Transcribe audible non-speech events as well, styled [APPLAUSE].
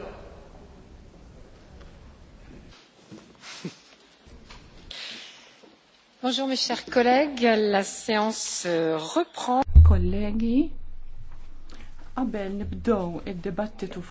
[LAUGHS] Bonjour mes chers collègues, la séance euh, reprend. Kollegi, qabel nibdew id-dibattitu